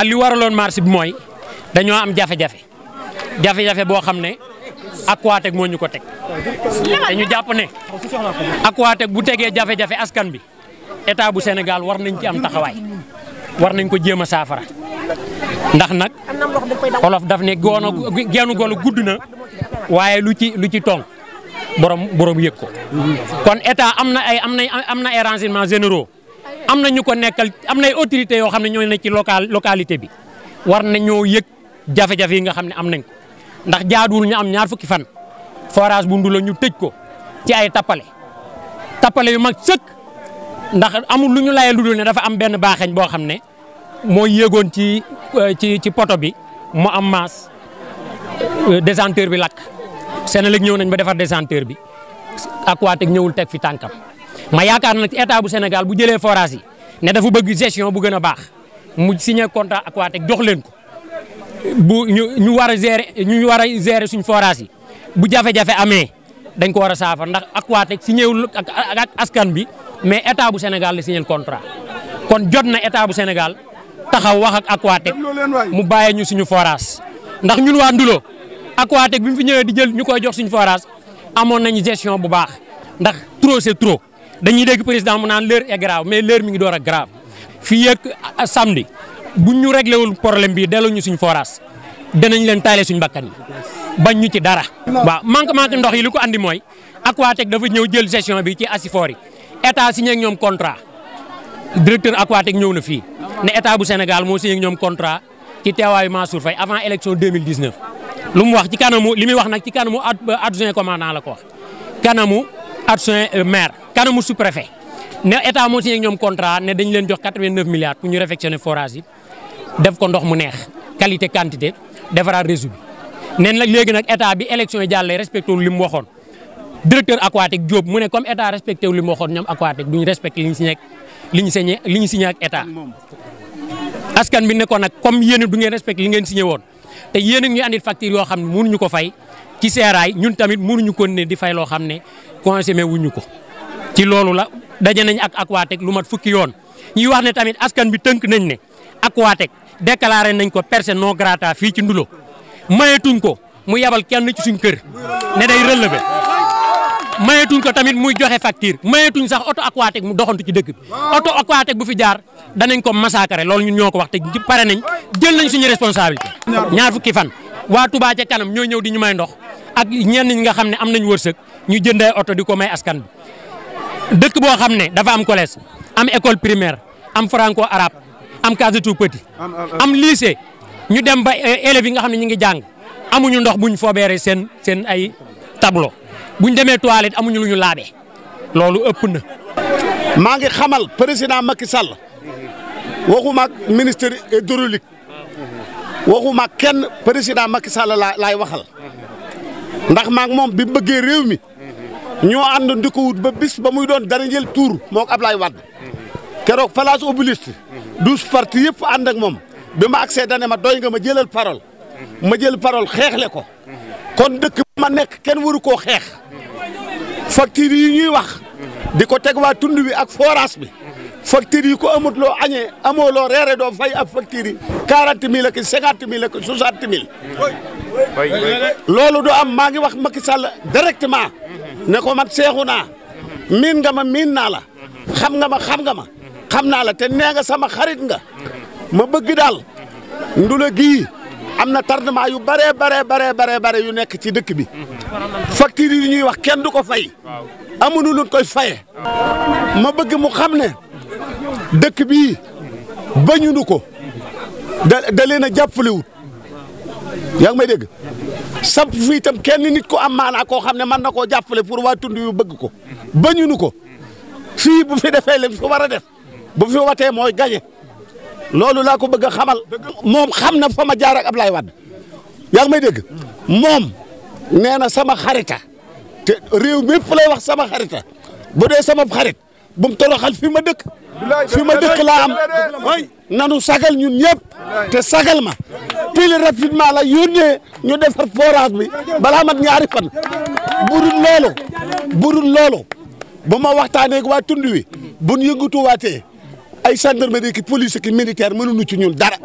ak li waraloon marché bi mooy dañoo am jafe-jafe jafe-jafe boo xam ne ak Aquatech moo ñu ko teg dañu jàpp ne Aquatech bu tegee jafe-jafe askan bi état bu Sénégal war nañ ci am taxawaay war nañ ko jéem a saafara ndax nag olof daf ne goono geenu golo gudd na waaye lu ci lu ci tong borom borom yëg ko kon état am na ay am na am na ay renseignements am na ñu ko nekkal am nay autorité yoo xam ne ñoo ne ci local localité bi war na nañoo yëg jafe-jafe yi nga xam ne am nañ ko ndax jaaduwul ñu am ñaar fukki fan forage bu Ndoulo ñu tëj ko ci ay tappale tappale yu mag sëkk ndax amul lu ñu layee lu dul ne dafa am benn baaxeñ boo xam ne moo yëgoon ci euh, ci ci poto bi mu am maas euh, désenteur bi lakk Senelec ñëw nañ ba defar désenteur bi Aquatech ñëwul teg fi tànkam ma yaakaar nag état bu Sénégal bu jëlee forage yi ne dafa bëgg gestion bu gën a baax mu signé contrat Aquatech jox leen ko bu ñu ñu war a gérer ñu war a gérer suñ forage yi bu jafe-jafe amee dañ ko war a saafar ndax Aquatech signé wul ak ak askan bi mais état bu Sénégal la signé contrat kon jot na état bu Sénégal taxaw wax ak Aquatech mu bàyyee ñu suñu forage ndax ñun waa Ndulo Aquatech bi mu ñëwee di jël ñu koy jox suñu forage amoon nañu gestion bu baax ndax trop c'est trop. dañuy dégg président mu naan l'heure est grave mais l'heure mi ngi door a grave fii yëg samedi bu ñu réglé wul problème bi delloo ñu suñ forage danañ leen taalee suñ bakkan yi bañ ñu ci dara. waaw manque manque ndox yi li ko andi mooy Aquatec dafa ñëw jël gestion bi ci asifor yi état signé ñoom contrat directeur Aquatec ñëw na fii ne état bu Sénégal moo signé ak ñoom contrat ci teewaayu Mansour Faye avant élection 2019 lu mu wax ci kanamu li muy wax nag ci kanamu adjoint commandant la ko wax kanamu. adjoint euh, maire kanamu sous préfet ne état moo signé ak ñoom contrat ne dañ leen jox 89 milliards pour ñu réfectionner forage def ko ndox mu neex qualité quantité defaraat réseau bi. neen nag léegi nag état bi élection yi jàllee respecté wul li mu waxoon directeur aquatique Diop mu ne comme état respecté wul li mu waxoon ñoom aquatique duñu respecté li ñu signé li ñu signé li ñu état. askan bi ko nag comme yéen du ngeen respecté li ngeen signé woon te yéen ñu andil facture yoo xam ne mënuñu ko fay ci seeraay ñun tamit mënuñu ko ne di fay loo xam ne consommé wuñu ko ci loolu la daje nañ ak Aquatec lu mat fukki yoon ñuy wax ne tamit askan bi tënk nañ ne Aquatec déclaré nañ ko personne non grata fii ci Ndulo mayetuñ ko mu yabal kenn ci suñ kër ne day relever mayetuñ ko tamit muy joxe facture mayetuñ sax oto Aquatec mu doxantu ci dëkk bi oto Aquatec bu fi jaar danañ ko massacrer loolu ñun ñoo ko wax te pare nañ jël nañ suñu responsabilité. ñaar fukki fan waa Touba ca kanam ñoo ñëw di ñu may ndox. ak ñenn ñi nga xam ne am nañ wërsëg ñu jëndee oto di ko may askan bi dëkk boo xam ne dafa am collège am école primaire am franco arabe am case tout am lycée ñu dem ba eh, élèves yi nga xam ne ñu ngi jàng amuñu ndox buñ foobeere seen seen ay tableau buñ demee toilette amuñu lu ñu laabee loolu ëpp na. maa ngi xamal président Macky Sall waxuma ak ministre hydraulique waxuma kenn président Macky Sall lay laay waxal. ndax maak moom bi bëggee réew mi ñoo ànd di ba bis ba muy doon dara jël tuur moo ko Ablaye Wade keroog place Obélisque douze partis yëpp ànd ak moom bi ma agsee dane ma doy nga ma jëlal parole ma jël parole xeexle ko kon dëkk ma nekk kenn waru koo xeex factures yi ñuy wax di ko teg waa tund wi ak forage bi factures yi ko amut loo añee amoo loo reere doo fay ak factures yi quarante mille ak cinquante mille ak soixante mille loolu du am maa ngi wax makki Sall directement ne ko man seexu naa miin nga ma miin naa la xam nga ma xam nga ma xam naa la te nee nga sama xarit nga ma bëgg daal ndula gii am na tardement yu bare bare bare bare bare yu nekk ci dëkk bi facture yi ñuy wax kenn du ko fay amuñu lu koy faye ma bëgg mu xam ne dëkk bii bañunu ko da da leen a yaa ngi may dégg samp fii kenn nit ko am maanaa koo xam ne mën na koo jàppale pour waa tund yu bëgg ko bañunu ko fii bu fi defee lim fi war a def bu fi watee mooy gañe loolu laa ko bëgg a xamal moom xam na fa ma jaar ak Ablaye Wade yaa ngi may dégg moom nee na sama xarita te réew mépp lay wax sama xarita bu dee sama xarit bu mu toroxal fi ma dëkk fi ma dëkk laa am nanu sagal ñun ñëpp te sagal ma pile rapidement la yónnee ñu defar forage bi balaa mat ñaari fan burul loolu burul loolu bu ma waxtaanee waa tund wi bu ñu yëngatuwaatee ay gendarmerie ki police ki militaire mënuñu ci ñun dara